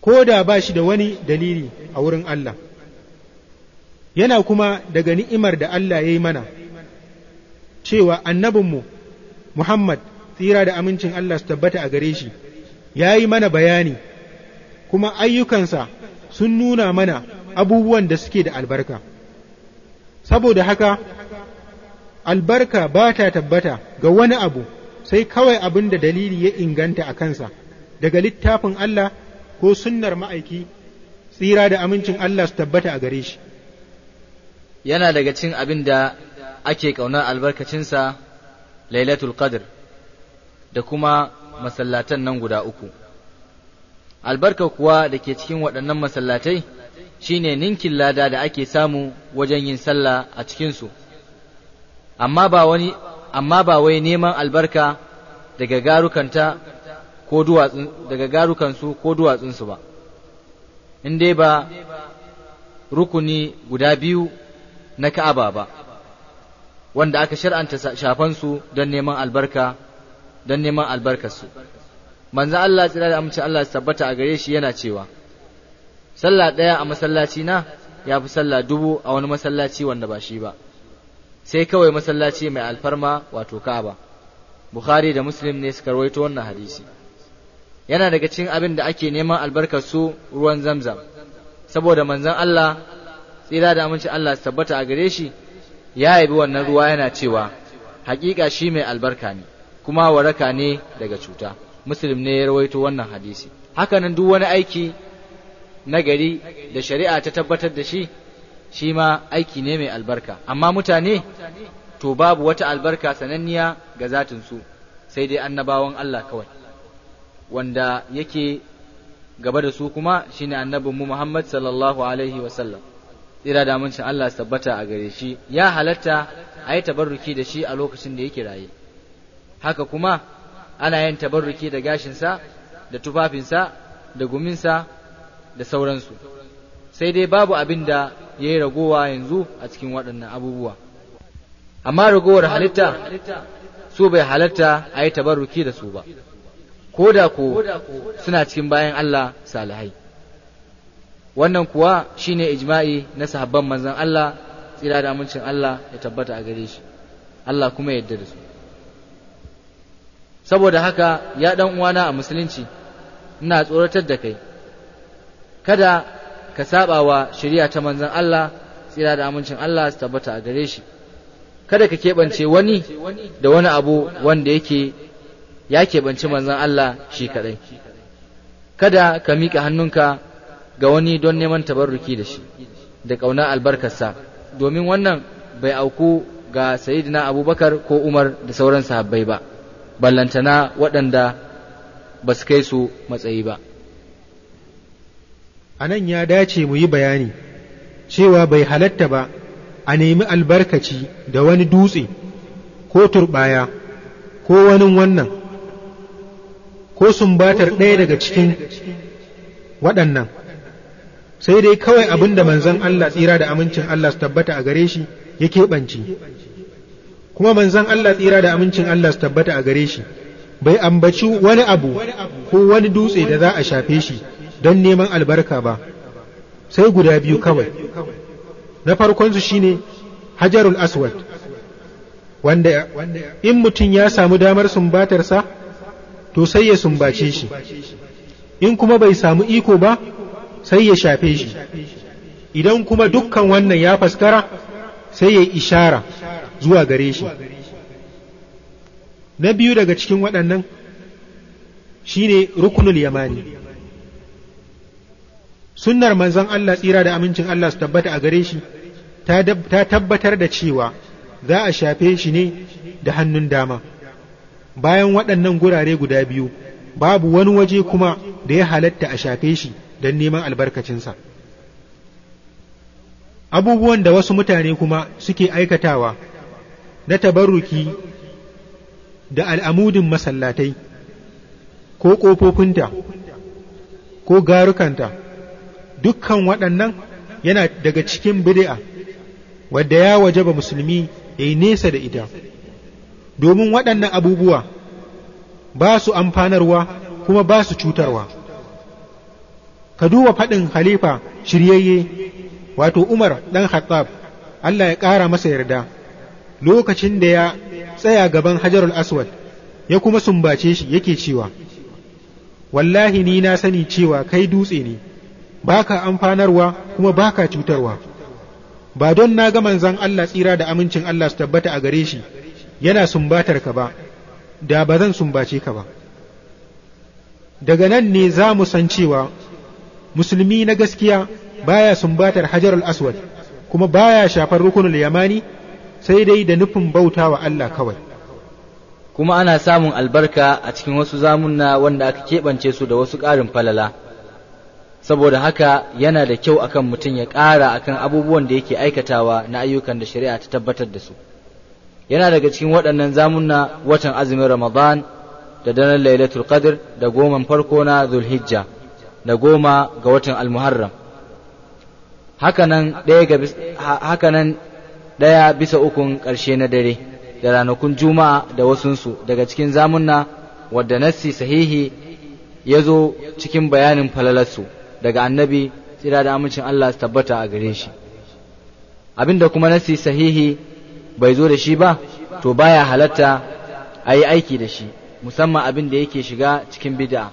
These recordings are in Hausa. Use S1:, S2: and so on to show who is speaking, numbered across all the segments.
S1: ko da ba shi da wani dalili a wurin Allah yana kuma daga ni'imar da Allah ya yi mana cewa annabinmu Muhammad tsira da amincin Allah su tabbata a gare shi ya yi mana bayani kuma ayyukansa sun nuna mana abubuwan da suke da albarka saboda haka albarka ba ta tabbata ga wani abu sai kawai abin da dalili ya inganta a kansa daga littafin Allah ko sunnar ma'aiki tsira da amincin Allah su tabbata a gare shi
S2: yana daga cin abin da ake ƙaunar albarkacinsa lailatul qadr da kuma masallatan nan guda uku albarka kuwa da ke cikin waɗannan masallatai shine ninkin lada da ake samu wajen yin sallah a cikinsu amma ba wani amma ba wai neman albarka daga garukanta ko duwatsun daga garukansu ko duwatsunsu ba in dai ba rukuni guda biyu na ka'aba ba wanda aka shar'anta shafansu don neman albarka don neman albarkarsu manzo Allah tsira da amince Allah ya tabbata a gare shi yana cewa sallah ɗaya a masallaci na ya fi sallah dubu a wani masallaci wanda ba shi ba sai kawai masallaci mai alfarma wato Ka'aba Bukhari da Muslim ne suka rawaito wannan hadisi yana daga cikin abin da ake neman albarkar su ruwan zamzam saboda manzon Allah tsira da amince Allah su tabbata a gare shi ya yabi wannan ruwa yana cewa hakika shi mai albarka ne kuma waraka ne daga cuta muslim ne ya rawaito wannan hadisi hakanan duk wani aiki na gari da shari'a ta tabbatar da shi shi ma aiki ne mai albarka amma mutane to babu wata albarka sananniya ga zatinsu sai dai annabawan Allah kawai wanda yake gaba da su kuma shine annabin mu Muhammad sallallahu alaihi wasallam ira da amincin Allah tabbata a gare shi ya halatta a yi tabarruki da shi a lokacin da yake raye haka kuma ana yin tabarruki da gashinsa da tufafinsa da guminsa da sauransu sai dai babu abin da ya yi ragowa yanzu a cikin waɗannan abubuwa amma ragowar halitta su bai halatta a yi tabarruki da su ba ko da ko suna cikin bayan Allah salihai wannan kuwa shine ijma'i na sahabban manzon Allah tsira da amincin Allah ya tabbata a gare shi Allah kuma ya da su saboda haka ya dan uwana a musulunci ina tsoratar da kai kada ka saba wa shari'a ta manzon Allah tsira da amincin Allah su tabbata a gare shi kada ka keɓance wani da wani abu wanda yake ya keɓanci manzon Allah shi kaɗai kada ka miƙa hannunka ga wani don neman tabarruki da shi da ƙauna albarkarsa domin wannan bai auku ga sayidina abubakar ko umar da sauran sahabbai ba ballantana waɗanda ba su kai su matsayi ba
S1: a nan ya dace mu yi bayani cewa bai halatta ba a nemi albarkaci da wani dutse ko turɓaya ko wani wannan ko sumbatar ɗaya daga cikin waɗannan sai dai kawai abin da manzon Allah tsira da amincin Allah su tabbata a gare shi ya keɓanci kuma manzon Allah tsira da amincin Allah su tabbata a gare shi bai ambaci wani abu ko wani dutse da za a shafe shi don neman albarka ba sai guda biyu kawai na farkonsu shine hajarul aswad wanda in mutum ya samu damar sumbatarsa to sai ya sumbace shi in kuma bai samu iko ba sai ya shafe shi idan kuma dukkan wannan ya faskara sai ya ishara zuwa gare shi na biyu daga cikin waɗannan shine rukunul yamani sunnar manzan Allah tsira da amincin Allah su tabbata a gare shi ta tabbatar da cewa za a shafe shi ne da hannun dama bayan waɗannan gurare guda biyu babu wani waje kuma da ya halatta a shafe shi don neman albarkacinsa abubuwan da wasu mutane kuma suke aikatawa na tabarruki da al'amudin masallatai ko ƙofofinta ko garukanta dukkan waɗannan yana daga cikin bid'a wadda ya waje ba musulmi ya yi nesa da ita domin waɗannan abubuwa ba su amfanarwa kuma ba su cutarwa ka duba faɗin halifa shiryayye wato umar ɗan khattab allah ya ƙara masa yarda lokacin da ya tsaya gaban hajarul aswad ya kuma sumbace shi yake cewa wallahi ni na sani cewa kai dutse ne baka amfanarwa kuma baka cutarwa ba don na ga manzon Allah tsira da amincin Allah su tabbata a gare shi yana sumbatar ka ba da ba zan sumbace ka ba daga nan ne za mu san cewa musulmi na gaskiya baya sumbatar hajar aswad kuma baya shafar rukunul
S2: yamani sai dai da nufin bauta wa Allah kawai kuma ana samun albarka a cikin wasu zamunna wanda aka keɓance su da wasu ƙarin falala saboda haka yana da kyau akan mutum ya ƙara akan abubuwan da yake aikatawa na ayyukan da shari'a ta tabbatar da su yana daga cikin waɗannan zamunna watan azumin ramadan da daren lailatul qadr da goman farko na zulhijja da goma ga watan almuharram Haka nan ɗaya bisa ukun ƙarshe na dare da ranakun juma'a da wasunsu daga cikin zamunna wadda nassi sahihi ya zo cikin bayanin falalarsu daga annabi tsira da amincin Allah su tabbata a gare shi abinda kuma nassi sahihi bai zo da shi ba to baya halatta a yi aiki da shi musamman abin da yake shiga cikin bid'a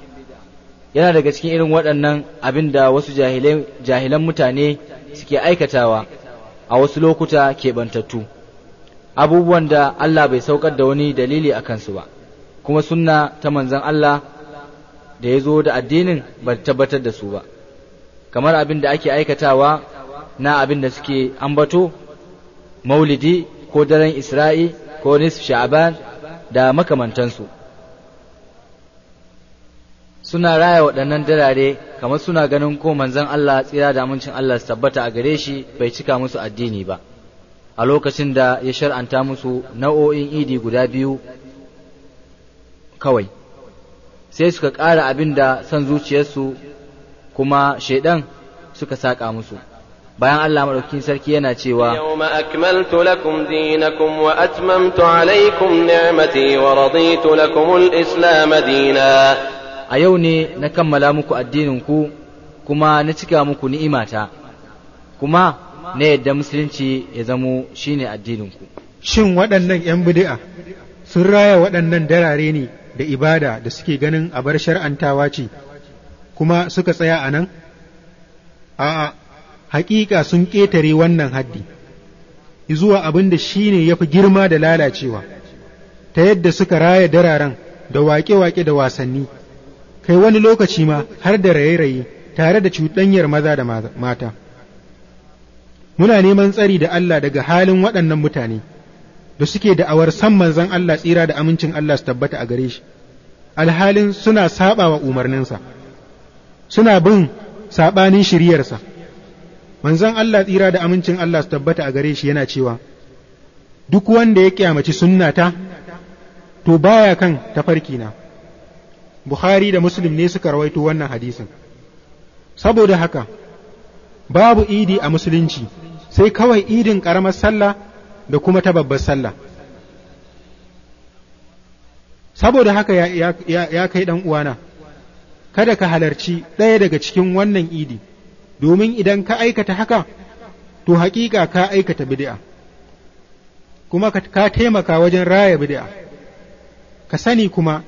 S2: yana daga cikin irin waɗannan abin da wasu jahilan mutane suke aikatawa a wasu lokuta keɓantattu abubuwan da Allah bai saukar da wani dalili a kansu ba kuma sunna ta manzan Allah da ya zo da addinin ba tabbatar da su ba kamar abin da ake aikatawa na abin da suke ambato maulidi ko daren isra'i ko nisf sha’aban da makamantansu suna raya waɗannan dalare kamar suna ganin ko manzon Allah tsira da amincin Allah su tabbata a gare shi bai cika musu addini ba a lokacin da ya shar'anta musu nau'o'in idi guda biyu kawai sai suka ƙara abin da son zuciyarsu kuma shaidan suka saƙa musu bayan Allah madaukakin sarki yana cewa lakum ni'mati a yau ne na kammala muku addinin ku kuma na cika muku ni'imata kuma na yadda musulunci ya zamo shine addinin ku
S1: shin waɗannan 'yan bid'a sun raya waɗannan darare ne da ibada da suke ganin abar shar'antawa ce kuma suka tsaya a nan a'a haƙiƙa sun ƙetare wannan haddi zuwa abin da shi ne ya fi girma da lalacewa ta yadda suka raya dararen da waƙe-waƙe da wasanni kai wani lokaci ma har da raye-raye tare da cuɗanyar maza da mata muna neman tsari da Allah daga halin waɗannan mutane da suke da'awar san manzan Allah tsira da amincin Allah su tabbata a gare shi alhalin suna saɓawa umarninsa suna bin saɓanin shiryarsa manzon Allah tsira da amincin Allah su tabbata a gare shi yana cewa duk wanda ya kyamaci sunnata to baya kan tafarki na Bukhari da Muslim ne suka rawaito wannan hadisin saboda haka babu idi a musulunci sai kawai idin karamar sallah da kuma ta babbar sallah saboda haka ya, ya kai dan uwana kada ka halarci ɗaya daga cikin wannan idi domin idan ka aikata haka to haƙiƙa ka aikata bid'a kuma ka taimaka wajen raya bid'a ka sani kuma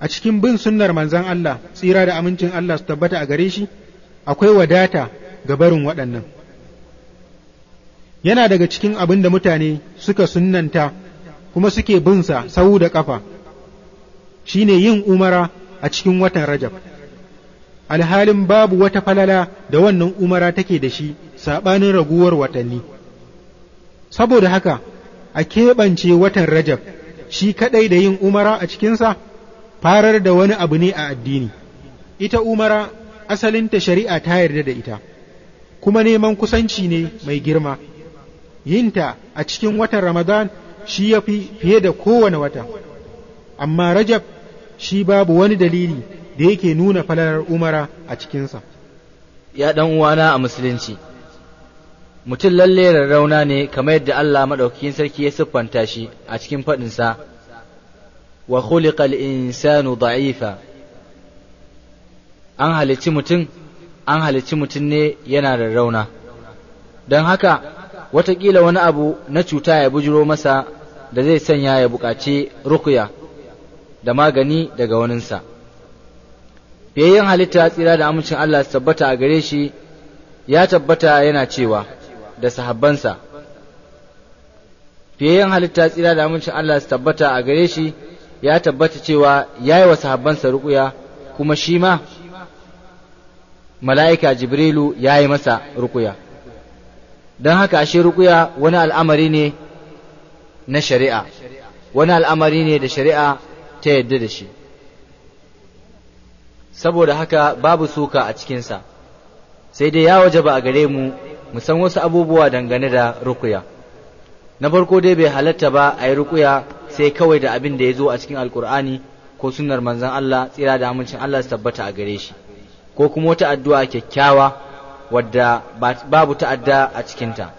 S1: a cikin bin sunnar manzon Allah tsira da amincin Allah su tabbata a gare shi akwai wadata ga barin waɗannan yana daga cikin abin da mutane suka sunnanta kuma suke binsa sau da ƙafa shine yin umara a cikin watan Rajab alhalin babu wata falala da wannan umara take da shi saɓanin raguwar watanni saboda haka a keɓance watan rajab shi kaɗai da yin umara a cikinsa farar da wani abu ne a addini ita umara asalinta shari'a ta yarda da ita kuma neman kusanci ne mai girma yinta a cikin watan ramadan shi ya fi fiye da kowane wata amma rajab shi babu wani dalili da yake nuna falalar umara a cikinsa
S2: ya ɗan uwana a musulunci mutum lalle rarrauna ne kamar yadda Allah maɗaukakin sarki ya siffanta shi a cikin faɗinsa wa khuliqal insanu da'ifa an halicci mutum an halicci mutum ne yana rarrauna don haka watakila wani abu na cuta ya bujiro masa da zai sanya ya buƙaci rukuya da magani daga waninsa. yayin halitta tsira da amincin Allah su tabbata a gare shi ya tabbata yana cewa da sahabbansa fiyayyen halitta tsira da amincin Allah su tabbata a gare shi ya tabbata cewa ya yi wa sahabbansa rukuya kuma shi ma mala'ika jibrilu ya yi masa rukuya don haka ashe rukuya wani al'amari ne na shari'a wani al'amari ne da shari'a ta yadda da shi saboda haka babu suka a cikinsa sai dai ya waje ba a gare mu mu san wasu abubuwa dangane da rukuya na farko dai bai halatta ba a yi rukuya sai kawai da abin da ya zo a cikin alkur'ani ko sunnar manzan Allah tsira da amincin Allah su tabbata a gare shi ko kuma wata addu'a kyakkyawa wadda babu ta'adda a cikinta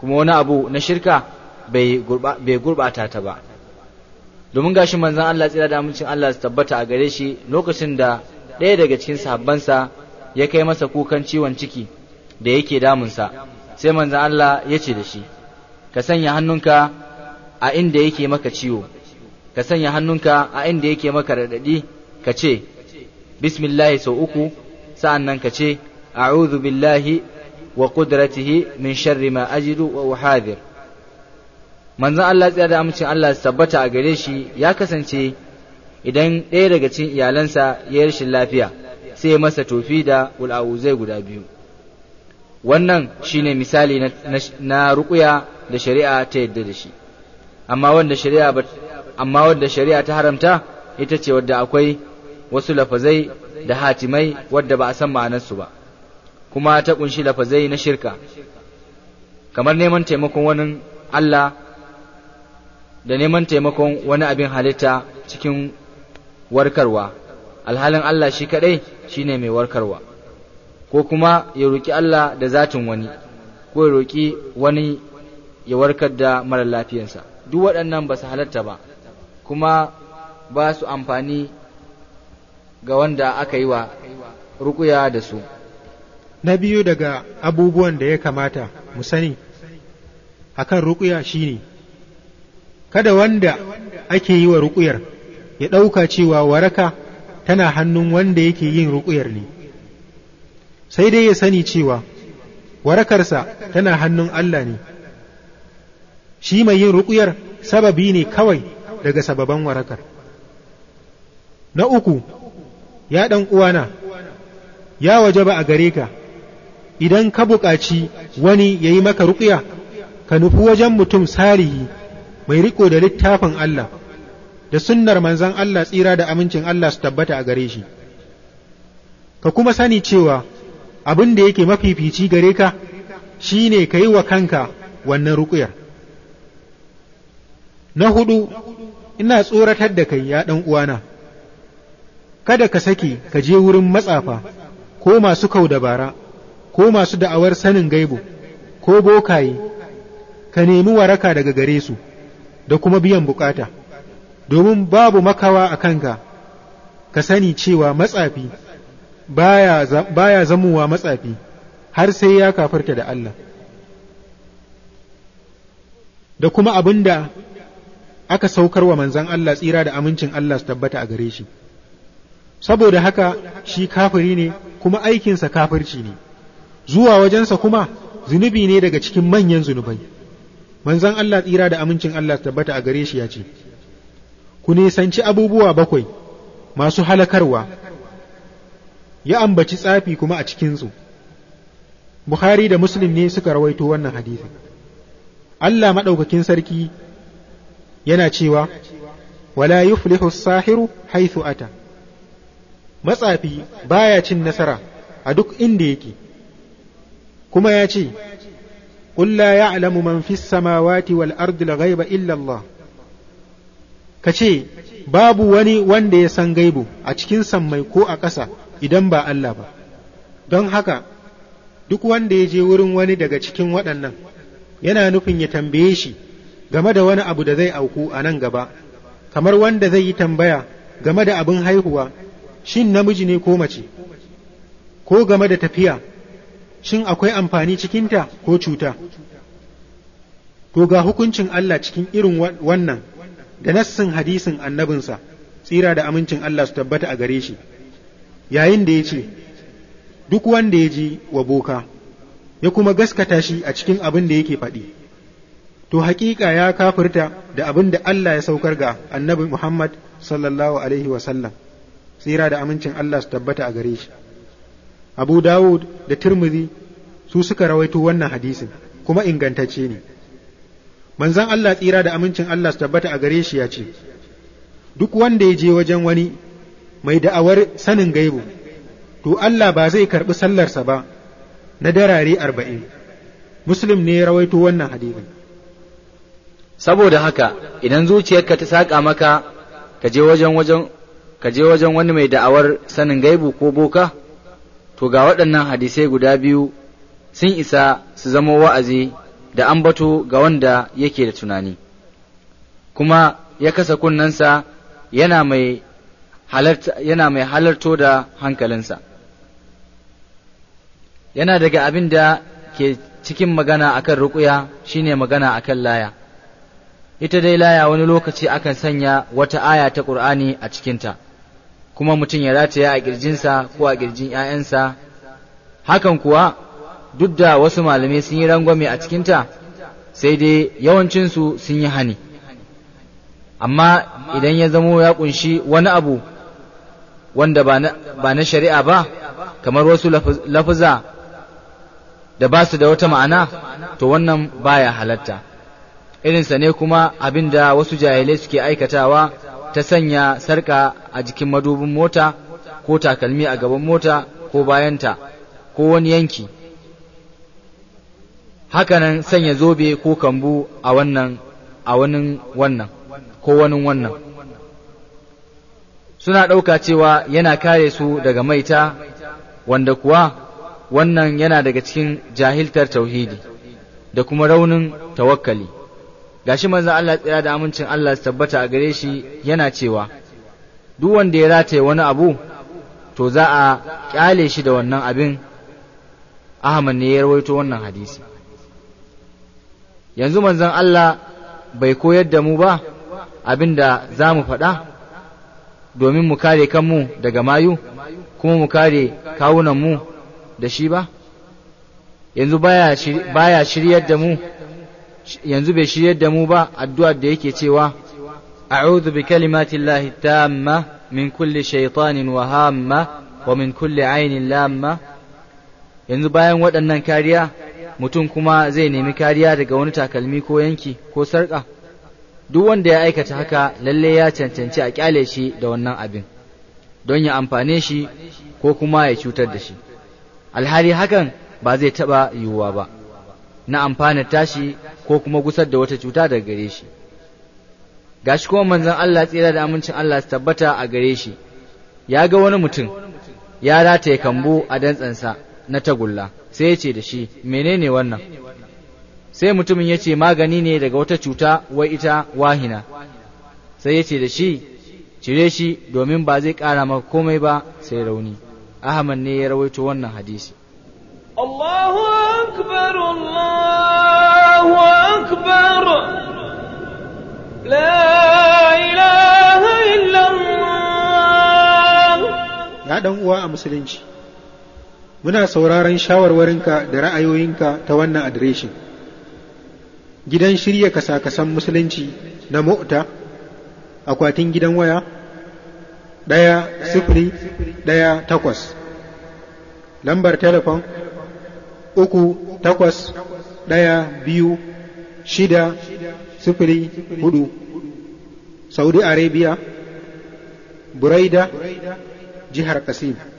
S2: kuma wani abu na shirka bai gurbata ta ba domin gashi manzan Allah tsira da amincin Allah su tabbata a gare shi lokacin da ɗaya daga cikin sahabbansa ya kai masa kukan ciwon ciki da yake damunsa sai manzon Allah ya ce da shi ka sanya hannunka a inda yake maka ciwo ka sanya hannunka a inda yake maka raɗaɗi, ka ce bismillahi sau uku sa'annan ka ce a'udhu billahi wa qudratihi min sharri ma ajidu wa uhadir manzon Allah tsaya da amincin Allah tabbata a gare shi ya kasance idan ɗaya daga cikin iyalansa ya yi rashin lafiya sai ya masa tofi da zai guda biyu wannan shine misali na ruƙuya da shari'a ta yadda da shi amma wanda shari'a ta haramta ita ce wadda akwai wasu lafazai da hatimai wadda ba a san ma'anarsu ba kuma ta kunshi lafazai na shirka kamar neman taimakon wani Allah da neman taimakon wani abin halitta cikin warkarwa alhalin Allah shi kadai ne mai warkarwa ko kuma ya roki Allah da zatin wani ko ya roki wani ya warkar da mara lafiyarsa duk waɗannan ba su halatta ba kuma ba su amfani ga wanda aka yi wa rukuya da su
S1: na biyu daga abubuwan da ya kamata mu sani akan rukuya ne, kada wanda ake yi wa rukuyar ya ɗauka cewa waraka tana hannun wanda yake yin ruƙuyar ne sai dai ya sani cewa warakarsa tana hannun Allah ne shi mai yin ruƙuyar sababi ne kawai daga sababan warakar na uku ya ɗan uwana ya waje ba a gare ka idan ka buƙaci wani ya yi maka ruƙuya ka nufi wajen mutum sarihi mai riko da littafin Allah da sunnar manzan Allah tsira da amincin Allah su tabbata a gare shi ka kuma sani cewa abin da yake mafifici gare ka shine ka yi wa kanka wannan rukuyar. na hudu ina tsoratar da kai ya ɗan uwana kada ka sake ka je wurin matsafa ko masu kau dabara ko masu da'awar sanin gaibu ko bokaye ka nemi waraka daga gare su da kuma biyan bukata domin babu makawa a kanka ka sani cewa matsafi baya zamuwa matsafi har sai ya kafarta da Allah da kuma abin da aka saukar wa manzan Allah tsira da amincin Allah su tabbata a gare shi saboda haka shi kafiri ne kuma aikinsa kafirci ne zuwa wajensa kuma zunubi ne daga cikin manyan zunubai manzan Allah tsira da amincin Allah su tabbata a gare shi ya ce ku nisanci abubuwa bakwai masu halakarwa ya ambaci tsafi kuma a cikinsu Bukhari da Muslim ne suka rawaito wannan hadisi Allah maɗaukakin sarki yana cewa wala yuflihu sahiru haithu ata matsafi baya cin nasara a duk inda yake kuma ya ce ya alamu man fi في السماوات والأرض الغيب إلا illallah. ka ce babu wani wanda ya san gaibu a cikin sammai ko a ƙasa idan ba Allah ba don haka duk wanda ya je wurin wani daga cikin waɗannan yana nufin ya tambaye shi game da wani abu da zai auku a nan gaba kamar wanda zai yi tambaya game da abin haihuwa shin namiji ne ko mace ko game da tafiya shin akwai amfani cikinta ko cuta to ga hukuncin Allah cikin irin wannan da nassin hadisin annabinsa tsira da amincin Allah su tabbata a gare shi yayin da ya ce duk wanda ya ji wa boka ya kuma gaskata shi a cikin abin da yake faɗi to haƙiƙa ya kafirta da abin da Allah ya saukar ga annabi Muhammad sallallahu alaihi wasallam tsira da amincin Allah su tabbata a gare shi Abu Dawud da Tirmidhi su suka rawaito wannan hadisin kuma ingantacce ne manzan Allah tsira da amincin Allah su tabbata a gare shi ya ce duk wanda ya je wajen wani mai da'awar sanin gaibu to Allah ba zai karɓi sallarsa ba na darare arba'in muslim ne ya rawaito wannan hadisin
S2: saboda haka idan zuciyarka ta saƙa maka ka ka je wajen wani mai da'awar sanin gaibu ko boka to ga waɗannan hadisai guda biyu sun isa su zama wa'azi da ambato ga wanda yake da tunani kuma ya kasa kunnensa yana mai yana halarto da hankalinsa yana daga abin da ke cikin magana akan ruƙuya shine magana akan laya ita dai laya wani lokaci akan sanya wata aya ta ƙur'ani a cikinta kuma mutum ya rataya a ƙirjinsa ko a ƙirjin ‘ya'yansa hakan kuwa duk da wasu malamai sun yi rangwame a cikinta sai dai yawancinsu sun yi hani amma idan ya zamo ya kunshi wani abu wanda ba na shari'a ba kamar wasu lafuza da ba su da wata ma'ana to wannan baya halatta irinsa ne kuma abin da wasu jahilai suke aikatawa ta sanya sarka a jikin madubin mota ko takalmi a gaban mota ko bayanta ko wani yanki hakanan sanya zobe ko kambu a wannan a wani wannan ko wani wannan suna ɗauka cewa yana kare su daga maita wanda kuwa wannan yana daga cikin jahiltar tauhidi da kuma raunin tawakkali gashi manzon Allah tsira da amincin Allah su tabbata a gare shi yana cewa duk wanda ya rataye wani abu to za a kyale shi da wannan abin Ahmad ne ya rawaito wannan hadisi yanzu manzon Allah bai koyar da mu ba abinda za mu faɗa domin mu kare kanmu daga mayu kuma mu kare kawunanmu da shi ba yanzu baya shiryar da mu yanzu bai shiryar da mu ba addu'ar da yake cewa a'udhu bi kalimati llahi tamma min kulli shaitanin wa hamma wa min kulli ainin lamma yanzu bayan waɗannan kariya mutum kuma zai nemi kariya daga wani takalmi ko yanki ko sarƙa duk wanda ya aikata haka lalle ya cancanci a kyale shi da wannan abin don ya amfane shi ko kuma ya cutar da shi Alhari hakan ba zai taɓa yiwuwa ba na amfana tashi ko kuma gusar da wata cuta daga gare shi gashi kuma manzon Allah tsira da amincin Allah su tabbata a gare shi ya ga wani mutum ya rataye kambu a dantsansa na tagulla sai ya ce da shi menene wannan sai mutumin ya ce magani ne daga wata cuta wai ita wahina sai ya ce da shi cire shi domin ba zai kara maka komai ba sai rauni ahmad ne ya rawaito wannan hadisi Allahu akbar Allahu akbar la ilaha
S1: illallah ya dan uwa a musulunci muna sauraron shawarwarinka da ra'ayoyinka ta wannan adireshin gidan shirya kasakasan musulunci na mota akwatin gidan waya ɗaya sifili ɗaya takwas lambar telefon uku takwas ɗaya biyu shida sifili hudu saudi arabia
S2: buraida jihar kasim